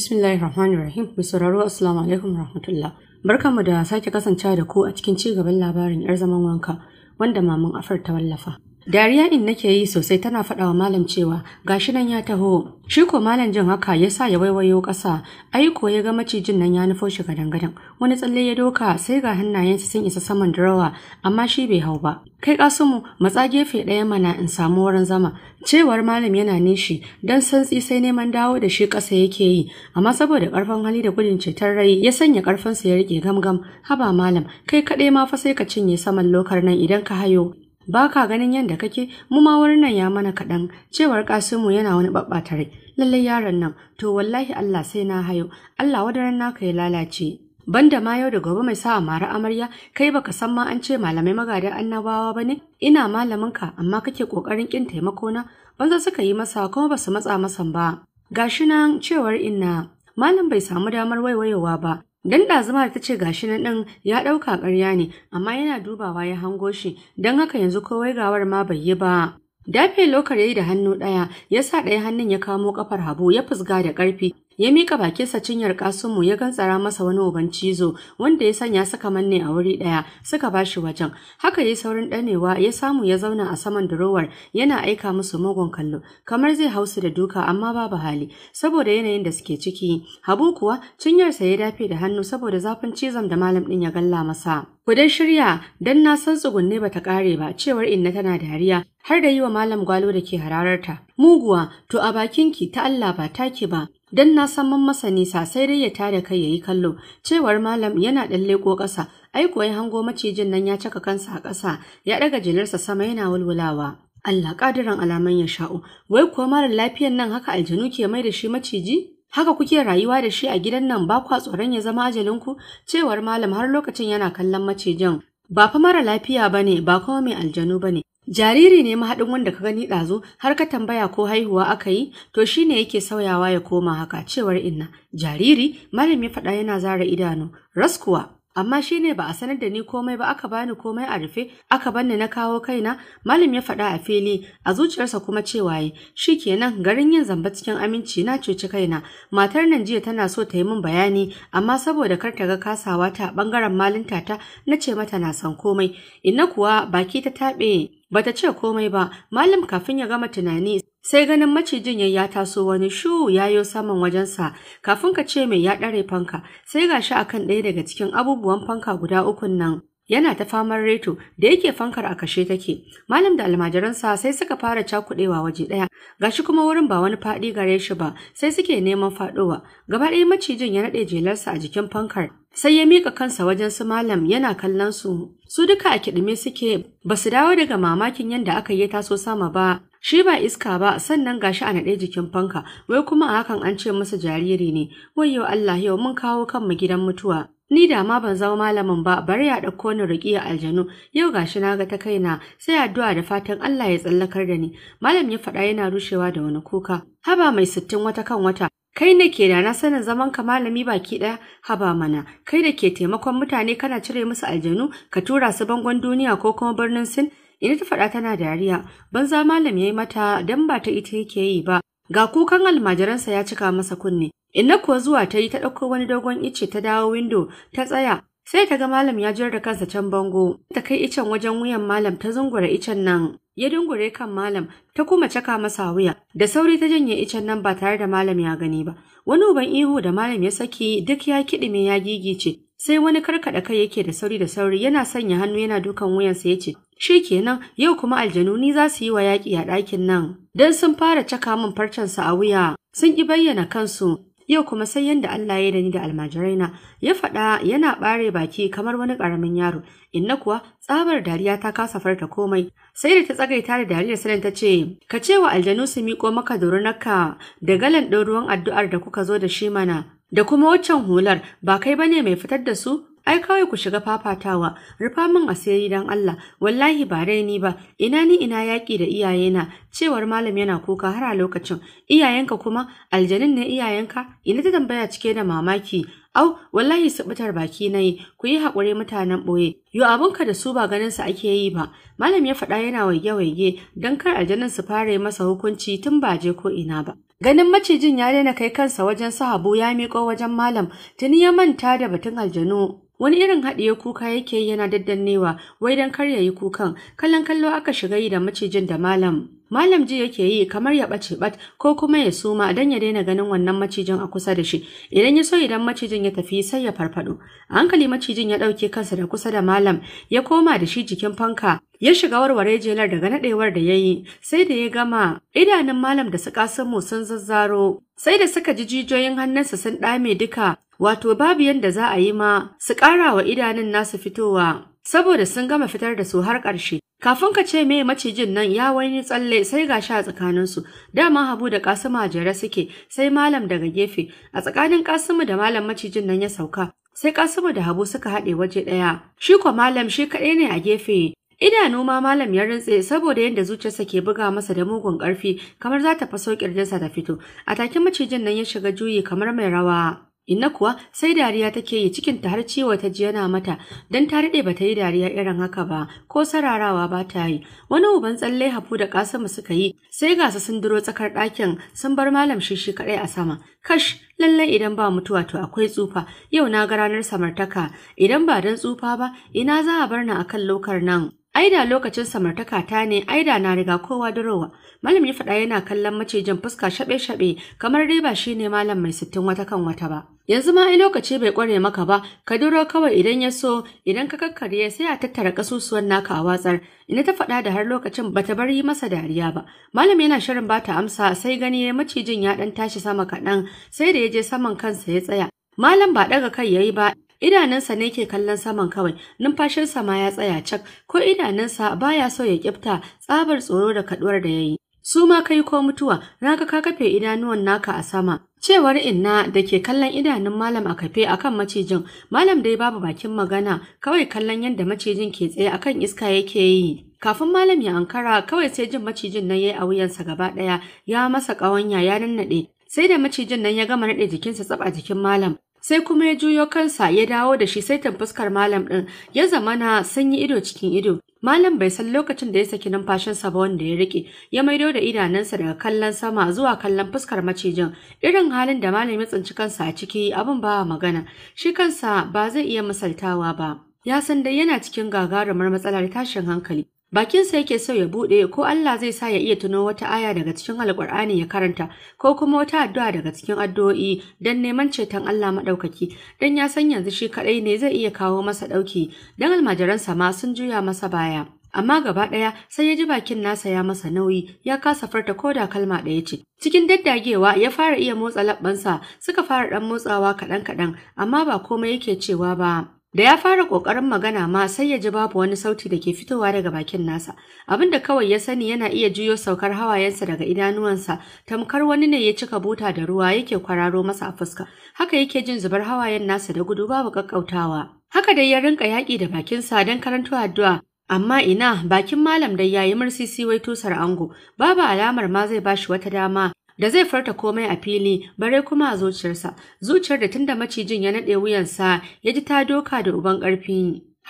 Bismillahirrahmanirrahim. Mai sauraro Assalamu alaikum rahmatullah. Barkanmu da sake kasancewa da ku a cikin ci gaban labarin 'yar zaman wanka wanda maman afar ta wallafa. Dariya in nake yi sosai tana faɗawa malam cewa gashi nan ya taho. Shi ko malam jin haka ya sa ya waiwayo ƙasa, ai ko ya ga macijin nan ya nufo shi gadan-gadan. Wani tsalle ya doka sai ga hannayensa sun isa saman durawa amma shi bai hau ba. Kai Kasumu matsa gefe ɗaya mana in samu wurin zama. Cewar malam yana nishi dan santsi sai neman dawo da shi ƙasa yake yi amma saboda ƙarfin hali da gudun cetar rai ya sanya ƙarfinsa ya riƙe gamgam. Haba malam kai kaɗai ma fa sai ka cinye saman lokar nan idan ka hayo. ba ka ganin yadda kake mu ma wurin nan ya mana kaɗan cewar kasimu yana wani ɓaɓɓata lallai yaron nan to wallahi allah sai na hayo allah wadaran naka ya lalace banda ma yau da gobe mai sa mara amarya kai baka san ma an ce malamai magadan annabawa ba ne? ina malamin ka amma kake ƙoƙarin ƙin taimako na banza suka yi masa kuma ba su matsa masan ba gashi nan cewar inna malam bai samu damar waiwayowa ba Dan da ta ce gashi na ɗin ya ɗauka ƙarya ne, amma yana dubawa ya hango shi, don haka yanzu kowai gawar ma bai yi ba. Dafe lokar yayi da hannu ɗaya, ya sa ɗaya hannun ya kamo ƙafar Habu ya fusga da ƙarfi, ya mika bakinsa cinyar mu ya gantsara masa wani uban cizo wanda ya sanya suka manne a wuri daya suka bashi wajen haka yayi saurin danewa ya samu ya zauna a saman durowar yana aika musu mugun kallo kamar zai hausu da duka amma babu hali saboda yanayin da suke ciki habu kuwa cinyarsa ya dafe da hannu saboda zafin cizon da malam din ya galla masa ku dai shirya dan na san tsugunne ta kare ba cewar inna tana dariya har da yi wa malam gwalo da ke hararta muguwa to a bakinki ta Allah ba take ba Dan na san man masa nisa sai dai ya tada kai yayi kallo. Cewar malam yana dan leko ƙasa. Ai kuwa ya hango macijin nan ya caka kansa a ƙasa, ya daga jilarsa sama yana walwalawa. Allah ƙadiran alaman ya sha'u. Wai kuwa mara lafiyan nan haka aljanu ke mai da shi maciji? Haka kuke rayuwa da shi a gidan nan ba kwa tsoron ya zama ajalinku? Cewar malam har lokacin yana kallon macijin. Ba fa mara lafiya bane ba kuma mai aljanu bane Jariri ne mahaɗin wanda ka gani ɗazu har ka tambaya ko haihuwa aka yi to shi ne yake sauyawa ya koma haka cewar inna. Jariri malam ya faɗa yana zara idanu. Raskuwa amma shi ne ba a sanar da ni komai ba aka bani komai a rufe aka banni na kawo kaina malam ya faɗa a fili a zuciyarsa kuma cewa yi shi kenan garin yin zamba cikin aminci na cuci kaina matar nan jiya tana so ta yi min bayani amma saboda kar ta ga kasawa ta ɓangaren malinta ta na ce mata na san komai inna kuwa baki ta taɓe Bata ce komai ba, malam kafin ya gama tunani sai ganin macijin ya ya taso wani shu yayo saman wajensa kafin ka ce mai ya ɗare fanka sai gashi akan ɗaya daga cikin abubuwan fanka guda ukun nan. yana ta famar reto da yake fankar a kashe take malam da almajiransa sai suka fara cakudewa waje daya gashi kuma wurin ba wani fadi gare shi ba sai suke neman fadowa gaba ɗaya macijin ya nade jelarsa a jikin fankar sai ya mika kansa wajen su malam yana kallon su su duka a kidime suke ba su dawo daga mamakin yadda aka yi taso sama ba shi ba iska ba sannan gashi a naɗe jikin fanka wai kuma a hakan an ce masa jariri ne wayyo Allah yau mun kawo kanmu gidan mutuwa Ni da ma ban zama malamin ba bari ya ɗauko ni ruƙiya aljanu yau gashi na ga ta kaina sai addu'a da fatan Allah ya tsallakar da ni. Malam ya faɗa yana rushewa da wani kuka. Haba mai sittin wata kan wata Kai ne ke da na sanin zaman ka malami baki ɗaya haba mana, kai da ke taimakon mutane kana cire musu aljanu ka tura su bangon duniya ko kuma birnin Sin, ina ta faɗa tana dariya, za malam ya yi mata dan ba ta ita yake yi ba, ga kukan almajiransa ya cika masa kunne, Inna kuwa zuwa ta yi ta ɗauko wani dogon ice ta dawo windo ta tsaya sai ta ga malam ya jiyar da kansa can bango ta kai icen wajen wuyan malam ta zungura icen nan ya dungure kan malam ta kuma caka masa wuya da sauri ta janye icen nan ba tare da malam ya gani ba wani uban ihu da malam ya saki duk ya kiɗime ya gigice sai wani karkaɗa kai yake da sauri da sauri yana sanya hannu yana dukan wuyansa ya ce shi kenan yau kuma aljanu ni za su yi wa yaƙi a ɗakin nan Dan sun fara caka min farcensa a wuya sun ƙi bayyana kansu yau kuma sai yanda Allah ya da ni da almajiraina ya faɗa yana ɓare baki kamar wani ƙaramin yaro inna kuwa tsabar dariya ta kasa farta komai sai da ta tsagaita da dariyar sanin ta ce ka ce wa aljanu su miƙo maka dorunaka da galan ɗan ruwan addu'ar da kuka zo da shi mana da kuma waccan hular ba kai bane mai fitar da su ai kawai ku shiga fafatawa rufa min asiri dan Allah wallahi ba raini ba ina ni ina yaki da iyayena cewar malam yana kuka har a lokacin iyayenka kuma aljanin ne iyayenka ina ta tambaya cike da mamaki au wallahi subutar baki na yi. ku yi haƙuri mutanen ɓoye yo abunka da su ba ganin su ake yi ba malam ya faɗa yana waige waige don kar aljanin su fara masa hukunci tun ba je ko ina ba Ganin macijin ya daina kai kansa wajen sahabu ya miƙo wajen malam, tuni ya manta da batun aljanu wani irin haɗiye kuka yake yana daddannewa wai don kar ya yi kukan kallon kallo aka shiga yi da macijin da malam Malam ji yake yi kamar ya ɓace ɓat ko kuma ya suma don ya daina ganin wannan macijin a kusa da shi. Idan ya so idan macijin ya tafi sai ya farfado. A hankali macijin ya ɗauke kansa da kusa da malam ya koma da shi jikin fanka. Ya shiga warware jelar daga naɗewar da ya yi sai da ya gama idanun malam da su mu sun zazzaro. Sai da suka ji jijiyoyin hannunsa sun ɗame duka wato babu yadda za a yi ma su ƙara wa idanun nasu fitowa. saboda sun gama fitar da su har ƙarshe. Kafin ka ce me macijin nan ya wani tsalle sai ga sha su dama Habu da Kasimu a suke sai Malam daga gefe, a tsakanin Kasimu da Malam macijin nan ya sauka, sai Kasimu da Habu suka haɗe waje ɗaya. Shi Malam shi kaɗai ne a gefe. Idanu ma Malam ya rintse saboda yadda zuciyarsa ke buga masa da mugun ƙarfi kamar za ta faso ƙirjinsa ta fito, a takin macijin nan ya shiga juyi kamar mai rawa. Inna kuwa sai dariya take yi cikin ta har ciwo ta ji yana mata dan ta rade bata yi dariya irin haka ba ko sararawa ba ta yi. Wani uban tsalle hafu da kasamu suka yi sai gasa sun duro tsakar ɗakin sun bar malam shishi kadai a sama. Kash lallai idan ba mutuwa to akwai tsufa yau na ga ranar samartaka idan ba dan tsufa ba ina za a bar ni akan lokar nan. Aida lokacin samartaka ta ne, Aida na riga kowa durowa. Malam ya faɗa yana kallon macijin fuska shaɓe-shaɓe kamar dai ba shi ne malam mai sittin wata kan wata ba. Yanzu ma ai lokaci bai ƙware maka ba, ka duro kawai idan ya so, idan ka kakkarye sai a tattara ƙasusuwan naka a watsar. Ina ta faɗa da har lokacin bata bar yi masa dariya ba. Malam yana shirin bata amsa sai gani ya macijin ya ɗan tashi sama kaɗan sai da ya je saman kansa ya tsaya. Malam ba ɗaga kai yayi ba, idanunsa ne ke kallon saman kawai numfashinsa ma ya tsaya cak ko idanunsa baya so ya kifta tsabar tsoro da kaduwar da yayi su ma kai ko mutuwa naga ka kafe idanuwan naka a sama cewar inna da ke kallon idanun malam a kafe akan macijin malam dai babu bakin magana kawai kallon yadda macijin ke tsaye akan iska yake yi kafin malam ya ankara kawai sai jin macijin nan yayi a wuyansa gaba daya ya masa kawanya ya nannade sai da macijin nan ya gama nade jikinsa tsab a jikin malam sai kuma ya juyo kansa ya dawo da shi saitin fuskar malam ɗin ya zamana sanyi ido cikin ido malam bai san lokacin da ya saki numfashinsa ba wanda ya rike ya maido da idanunsa daga kallon sama zuwa kallon fuskar macijin irin halin da malam ya tsinci kansa a ciki abin ba magana shi kansa ba zai iya misaltawa ba ya san dai yana cikin gagarumar matsalar tashin hankali Bakinsa yake so ya bude ko Allah zai sa ya iya tuno wata aya daga cikin Alƙur'ani ya karanta ko kuma wata addu'a daga cikin addu'o'i don neman ceton Allah maɗaukaki don ya san yanzu shi kadai ne zai iya kawo masa ɗauki don almajiransa ma sun juya masa baya. amma gaba ɗaya sai ya ji bakin nasa ya masa nauyi ya kasa farta ko da kalma ɗaya ce cikin daddagewa ya fara iya motsa labbansa suka fara ɗan motsawa kaɗan kaɗan amma ba komai yake cewa ba Da ya fara ƙoƙarin magana ma sai ya ji babu wani sauti da ke fitowa daga bakin nasa. Abinda kawai ya sani yana iya juyo saukar hawayensa daga idanuwansa, tamkar wani ne ya cika buta da ruwa yake kwararo masa a fuska. Haka yake jin zubar hawayen nasa da gudu babu kakkautawa. Haka dai ya rinka yaƙi da bakinsa don karanto addu'a Amma ina bakin malam dai yayi mursisi wai tusar ango, babu alamar ma zai bashi wata dama da zai farta komai a fili bare kuma a zuciyarsa zuciyar da tunda macijin ya naɗe wuyansa ya ji ta doka da uban ƙarfi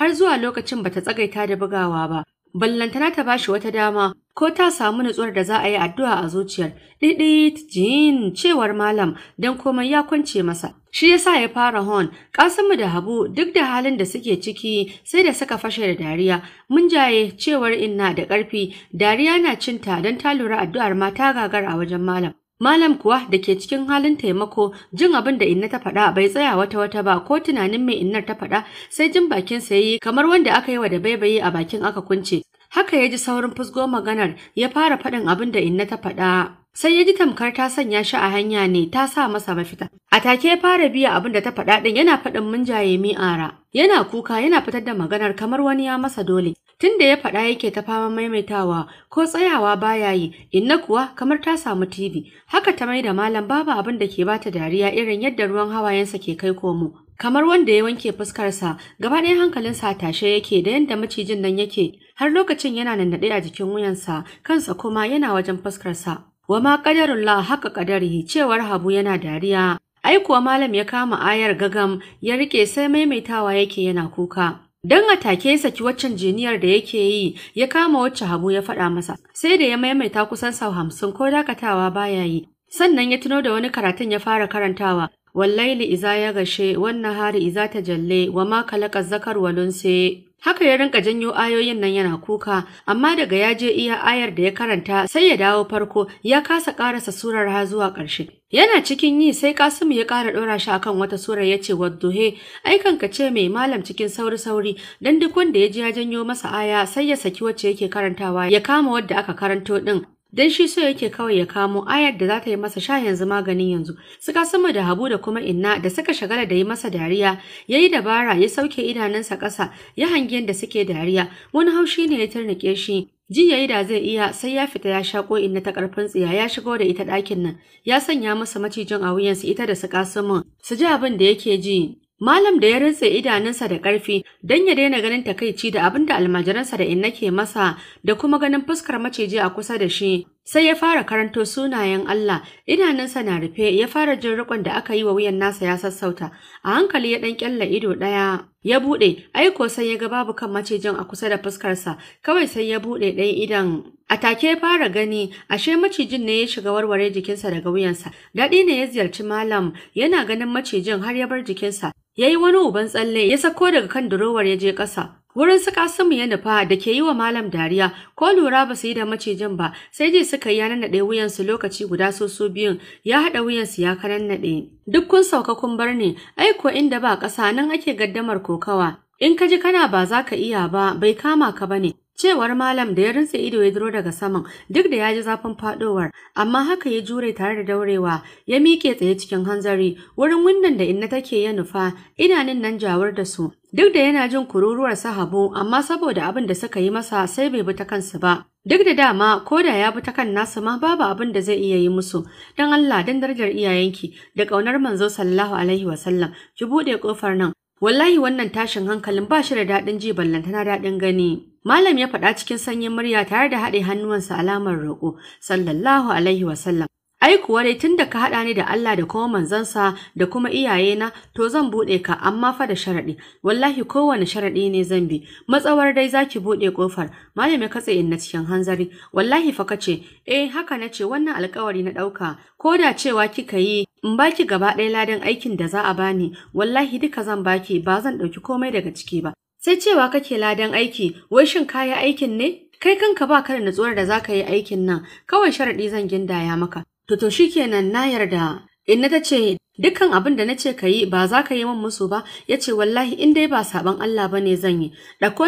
har zuwa lokacin bata tsagaita da bugawa ba ballantana ta bashi wata dama ko ta samu nutsuwar da za a yi addu'a a zuciyar didit jin cewar malam don komai ya kwance masa shi yasa ya fara hon kasimu da habu duk da halin da suke ciki sai da suka fashe da dariya mun jaye cewar inna da karfi dariya na cinta don ta lura addu'ar ma ta gagar a wajen malam Malam kuwa da ke cikin halin taimako jin abin da Inna ta faɗa bai tsaya wata wata ba ko tunanin mai Innar ta faɗa sai jin bakin sa yayi kamar wanda aka yi wa da baibaye a bakin aka kunce. Haka ya ji saurin fusgo maganar ya fara faɗin abin da Inna ta faɗa. sai ya ji tamkar ta sanya shi a hanya ne ta sa masa mafita. A take ya fara biya abin da ta faɗa ɗin yana faɗin mun jaye mi ara. Yana kuka yana fitar da maganar kamar wani ya masa dole. Tun da ya faɗa yake ta fama maimaitawa ko tsayawa baya yi inna kuwa kamar ta samu TV. Haka ta mai da malam babu abin da ke bata dariya irin yadda ruwan hawayensa ke kai komo. kamar wanda ya wanke fuskarsa gaba ɗaya hankalinsa a tashe yake da yadda macijin nan yake har lokacin yana nannaɗe a jikin wuyansa kansa kuma yana wajen fuskarsa wa ma kadarullah haka kadari cewar Habu yana dariya ai kuwa malam ya kama ayar gagam ya rike sai maimaitawa yake yana kuka Dan a take saki waccan jiniyar da yake yi ya kama wacce Habu ya faɗa masa sai da ya maimaita kusan sau hamsin ko dakatawa baya yi sannan ya tuno da wani karatun ya fara karantawa wallahi iza ya gashe wannan hari iza ta jalle wa ma kalaka zakar walunse Haka ya rinka janyo ayoyin nan yana kuka, amma daga ya je iya ayar da ya karanta sai ya dawo farko ya kasa karasa surar ha zuwa ƙarshe. Yana cikin yi sai Kasimu ya ƙara ɗora shi akan wata surar ya ce wadduhe, aikan ka ce mai malam cikin sauri-sauri don duk wanda ya ji ya janyo masa aya sai ya saki wacce yake karantawa ya kama wadda aka karanto ɗin dan shi so yake kawai ya kamo ayar da za ta yi masa sha yanzu maganin yanzu suka sama da habu da kuma inna da suka shagala da yi masa dariya ya yi dabara ya sauke idanunsa ƙasa ya hangen da suke dariya wani haushi ne ya tarnake shi ji yayi da zai iya sai ya fita ya sha inna ta ƙarfin tsiya ya shigo da ita ɗakin nan ya sanya masa macijin a wuyansa ita da su kasumin su ji abin da yake ji Malam da ya rintse idanunsa da ƙarfi don ya daina ganin takaici da abin da almajiransa da in nake masa da kuma ganin fuskar maciji a kusa da shi Sai ya fara karanto sunayen Allah, idanunsa na rufe, ya fara jin rikon da aka yi wa wuyan nasa ya sassauta, a hankali ya ɗan ƙyalla ido ɗaya. Ya buɗe, aiko sai ya ga babu kan macijin a kusa da fuskarsa, kawai sai ya buɗe ɗayan idan. A take fara gani, ashe macijin ne ya shiga warware jikinsa daga wuyansa. Daɗi ne ya ziyarci malam, yana ganin macijin har ya bar jikinsa. Ya yi wani uban tsalle, ya sako daga kan durowar ya je ƙasa. Wurin su Kasimu ya nufa da ke yi wa Malam dariya, ko lura ba su yi da macijin ba, sai je suka yi ya wuyan wuyansu lokaci guda soso biyun, ya haɗa wuyansu ya kanannaɗe. Duk kun sauka kun bar ne, aiko inda ba ƙasa nan ake gaddamar kokawa. In ka ji kana ba za ka iya ba, bai kama ka ba ne. Cewar malam da ya rinse ido ya duro daga saman duk da ya ji zafin fadowar, amma haka ya jure tare da daurewa, ya miƙe tsaye cikin hanzari, wurin windon da inna take ya nufa, idanun nan jawar da su, Duk da yana jin kururuwar sahabo amma saboda abin da suka yi masa sai bai bi ta kansu ba. Duk da dama ko da ya bi ta kan nasu ma babu abin da zai iya yi musu. Dan Allah dan darajar iyayenki da kaunar manzo sallallahu alaihi wasallam ki bude kofar nan. Wallahi wannan tashin hankalin ba shi da daɗin ji ballantana daɗin gani. Malam ya faɗa cikin sanyin murya tare da haɗe hannuwansa alamar roƙo sallallahu alaihi wasallam. Ai kuwa dai tunda ka haɗa ni da Allah da kuma manzansa da kuma iyayena to zan buɗe ka amma fa da sharaɗi wallahi kowane sharaɗi ne zan bi matsawar dai zaki buɗe kofar malami katse in na cikin hanzari wallahi fa kace eh haka na ce wannan alƙawari na ɗauka ko da cewa kika yi in baki gaba ɗaya ladan aikin da za a bani wallahi duka zan baki ba zan ɗauki komai daga ciki ba sai cewa kake ladan aiki wai shin kayi aikin ne kai kanka ba ka da natsuwar da zaka yi aikin nan kawai sharaɗi zan gindaya maka To to shikenan na yarda Inna ta ce dukkan abin da na ce ka yi ba za ka yi min musu ba ya ce wallahi in dai ba saban Allah ba ne zan yi ɗauko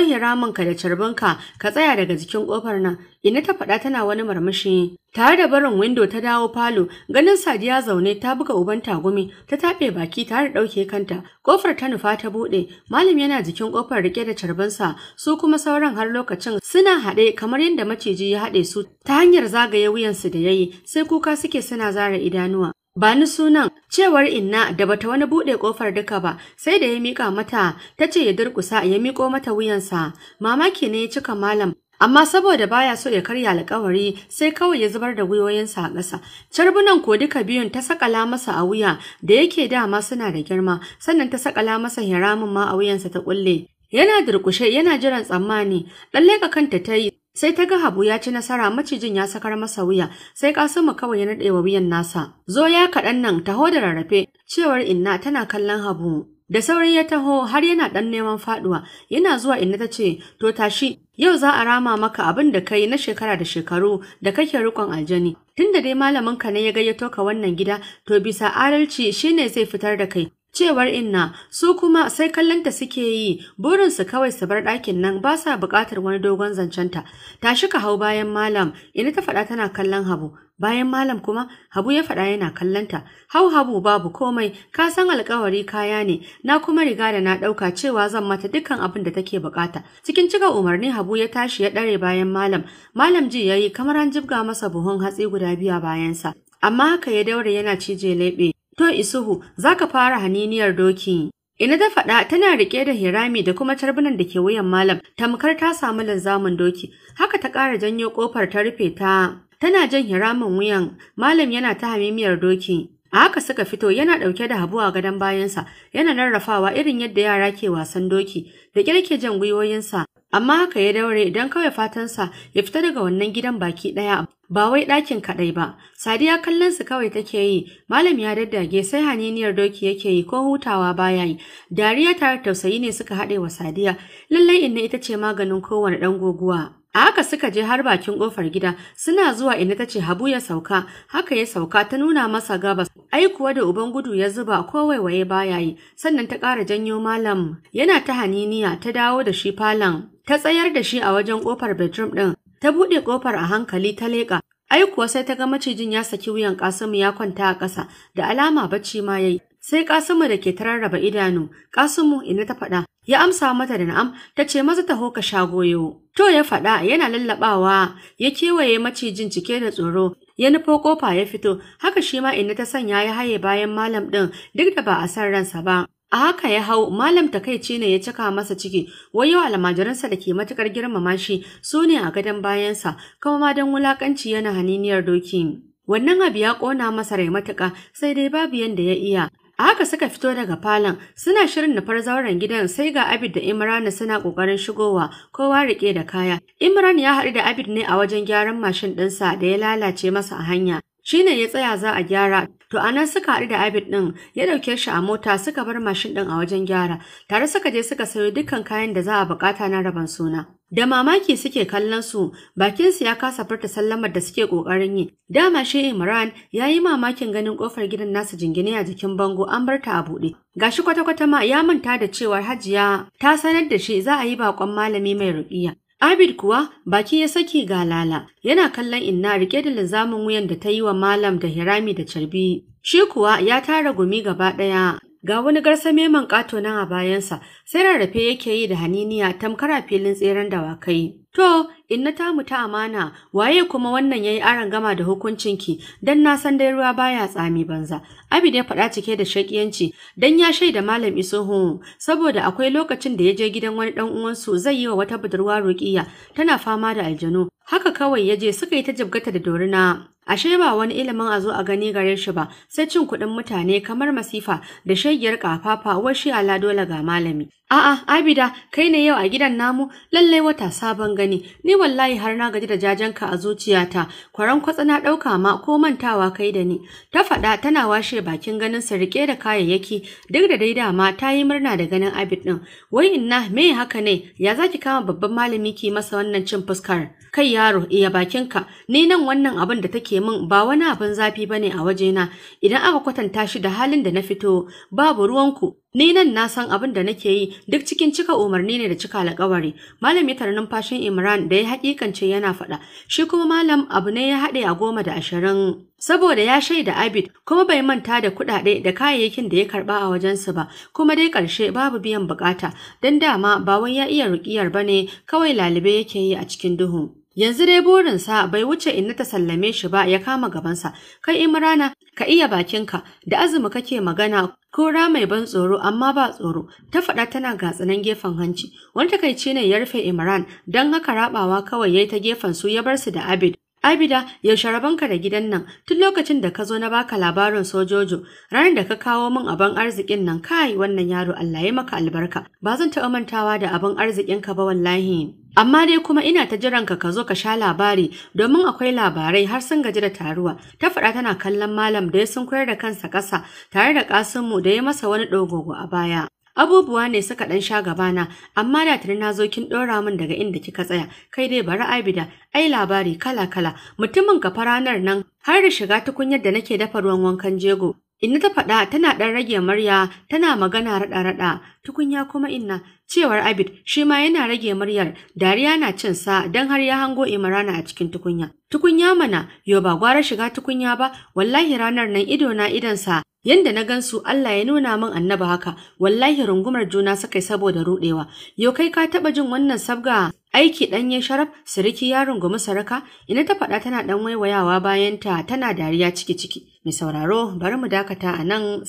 ka da carbinka ka ka tsaya daga jikin ƙofar nan ina ta faɗa tana wani marmashi tare da barin windo ta dawo falo ganin sadiya zaune ta buga uban tagumi ta taɓe baki tare da ɗauke kanta ƙofar ta nufa ta buɗe malam yana jikin ƙofar rike da carbinsa su kuma sauran har lokacin suna haɗe kamar yadda maciji ya haɗe su ta hanyar zagaye wuyansu da yayi sai kuka suke suna zara idanuwa Ba ni sunan, cewar inna da bata wani buɗe kofar duka ba, sai da ya mika mata, ta ce ya durƙusa ya miko mata wuyansa, mamaki ne ya cika malam, amma saboda baya so ya karya alƙawari sai kawai ya zubar da wuyoyinsa a ƙasa carbunan ko duka biyun ta sakala masa a wuya da yake dama suna da girma sannan ta sakala masa hiramin ma a wuyansa ta kulle yana durƙushe yana jiran tsammani dan ka kanta ta yi Sai ta ga Habu ya ci nasara macijin ya sakar masa wuya, sai Kasimu kawai ya naɗe wa wuyan nasa. Zo ya kaɗan nan taho da rarrafe, cewar Inna tana kallon Habu. Da sauri ya taho har yana ɗan neman faɗuwa, yana zuwa Inna ta ce, To tashi, yau za a rama maka abin da kai na shekara da shekaru da kake rikon aljani. Tunda dai malamin ka ne ya gayyato ka wannan gida, to bisa adalci shine zai fitar da kai. cewar inna su kuma sai kallonta suke yi burinsu kawai su bar ɗakin nan ba sa buƙatar wani dogon zancenta tashi ka hau bayan malam ina ta faɗa tana kallon habu bayan malam kuma habu ya faɗa yana kallonta hau habu babu komai ka san alƙawari kaya ne na kuma riga da na ɗauka cewa zan mata dukkan abin da take buƙata cikin cika umarni habu ya tashi ya ɗare bayan malam malam ji ya yi kamar an jibga masa buhun hatsi guda biya a bayansa amma haka ya daure yana cije leɓe To Isuhu, zaka fara haniniyar doki. Ina da faɗa tana riƙe da hirami da kuma tarbunan da ke wuyan malam, tamkar ta samu linzamin doki, haka ta ƙara janyo ƙofar ta rufe ta. Tana jan hiramin wuyan, malam yana ta hamimiyar doki. A haka suka fito yana ɗauke da habu a gadon bayansa, yana rarrafawa irin yadda yara ke wasan doki, da ƙyar jan gwiwoyinsa, amma haka ya daure idan kawai fatansa ya fita daga wannan gidan baki ɗaya ba wai ɗakin kaɗai ba sadiya kallon su kawai take yi malam ya daddage sai haniniyar doki yake yi ko hutawa baya yi dariya tare tausayi ne suka haɗe wa sadiya lallai inna ita ce maganin kowane ɗan goguwa A haka suka je har bakin kofar gida, suna zuwa ina ta ce Habu ya sauka, haka ya sauka ta nuna masa gabas. Ai kuwa da uban gudu ya zuba ko waiwaye baya yi, sannan ta ƙara janyo malam. Yana ta haniniya ta dawo da shi falon, ta tsayar da shi a wajen kofar bedroom ɗin. Ta buɗe kofar a hankali ta leƙa. Ai kuwa sai ta ga macijin ya saki wuyan Kasimu ya kwanta a ƙasa, da alama bacci ma yayi. Sai Kasimu da ke tararraba idanu, Kasimu ina ta faɗa, Ya amsa mata da na'am, ta ce maza taho ka sha goyo. To ya faɗa yana lallaɓawa, ya kewaye macijin cike da tsoro, ya nufo ƙofa ya fito, haka shi ma inda ta sanya ya haye bayan malam ɗin duk da ba a san ransa ba. A haka ya hau, malam takaici ne ya cika masa ciki, wayo almajiransa da ke matuƙar girmama shi su ne a gadon bayansa, kuma ma don wulaƙanci yana haniniyar doki. Wannan abu ya ƙona masa rai matuƙa sai dai babu yadda ya iya, A haka suka fito daga falon suna shirin nufar zauren gidan sai ga Abid da Imran suna kokarin shigowa kowa rike da kaya. Imran ya haɗu da Abid ne a wajen gyaran mashin ɗinsa da ya lalace masa a hanya. Shi ne ya tsaya za a gyara, to a nan suka haɗu da Abid ɗin ya ɗauke shi a mota suka bar mashin ɗin a wajen gyara, tare suka je suka sayo dukkan kayan da za a bukata na rabon suna. Da mamaki suke kallon su, bakin su ya kasa furta sallamar da suke ƙoƙarin yi. Dama shi Imran ya yi mamakin ganin kofar gidan nasu jingine a jikin bango an bar ta a buɗe. Gashi kwata-kwata ma ya manta da cewar Hajiya ta sanar da shi za a yi baƙon malami mai ruƙiya. Abid kuwa baki ya saki ga lala, yana kallon inna rike da linzamin wuyan da ta yi wa malam da hirami da carbi. Shi kuwa ya tara gumi gaba ɗaya. Ga wani garsa meman ƙato nan a bayansa, sai rarrafe yake yi da haniniya tamkara filin tseren dawakai. To, inna ta mu ta amana waye kuma wannan yayi aran gama da hukuncin ki dan na san dai ruwa baya tsami banza abid ya faɗa cike da shakiyanci dan ya shaida malam isuhu saboda akwai lokacin da ya je gidan wani dan uwansu zai yi wa wata budurwa ruqiya tana fama da aljanu haka kawai yaje suka yi ta jibgata da dorina Ashe ba wani ilimin a zo a gani gare shi ba, sai cin kuɗin mutane kamar masifa da shayyar kafafa wai shi ala dole ga malami. A'a, Abida, kai ne yau a gidan namu, lallai wata sabon gani, ni wallahi har na gaji da jajenka a zuciyata, kwaran kwatsa na ɗauka ma ko mantawa kai da ni. Ta faɗa tana washe bakin ganin sa riƙe da kayayyaki, duk da dai dama ta yi murna da ganin Abid ɗin. Wai inna me haka ne, ya zaki kama babban malami ki masa wannan cin fuskar? kai yaro iya bakinka ni nan wannan abin da take min ba wani abin zafi bane a waje na, idan aka kwatanta shi da halin da na fito babu ruwanku ni nan na san abin da nake yi duk cikin cika umarni ne da cika alƙawari malam ya numfashin Imran da ya hakikance yana faɗa shi kuma malam abu ne ya haɗe a goma da ashirin saboda ya shaida Abid kuma bai manta da kuɗaɗe da kayayyakin da ya karɓa a wajensu ba kuma dai ƙarshe babu biyan bukata don dama ba wai ya iya ruƙiyar bane kawai lalibe yake yi a cikin duhu Yanzu dai burinsa bai wuce inna ta sallame shi ba ya kama gabansa, kai Imrana ka iya bakinka da azumi kake magana kura mai ban tsoro amma ba tsoro, ta faɗa tana gatsanan gefen hanci, wani takaici ne ya rufe Imran don haka rabawa kawai ya yi ta gefen su ya bar su da Abid. Abida, yaushe ka da gidan nan tun lokacin da ka zo na baka labarin sojojo, ranar da ka kawo min abin arzikin nan kai wannan yaro Allah ya maka albarka, ba zan taɓa mantawa da abin arzikinka ba wallahi. Amma dai kuma ina ta jiranka ka zo ka sha labari domin akwai labarai har sun gaji da taruwa. Ta faɗa tana kallon malam da ya sun koyar da kansa ƙasa tare da ƙasinmu da ya masa wani dogogo a baya. Abubuwa ne suka ɗan sha gabana, amma da tuni na zo kin ɗora min daga inda kika tsaya, kai dai bari abida, ai labari kala-kala, mutumin ka faranar nan har da shiga tukunyar da nake dafa ruwan wankan jego, Inna ta faɗa tana ɗan rage murya tana magana raɗa-raɗa tukunya kuma inna cewar Abid shi ma yana rage muryar dariya na cin sa don har ya hango Imrana a cikin tukunya. Tukunya mana yo ba gwara shiga tukunya ba wallahi ranar nan ido na idan sa Yanda na gansu Allah ya nuna min annaba haka, wallahi rungumar juna suka yi saboda rudewa. Yo kai ka taba jin wannan sabga aiki ɗanye sharaf, siriki ya rungumi saraka, ina ta faɗa tana ɗan waiwayawa bayanta tana dariya ciki-ciki. Mai sauraro bari mu dakata a nan.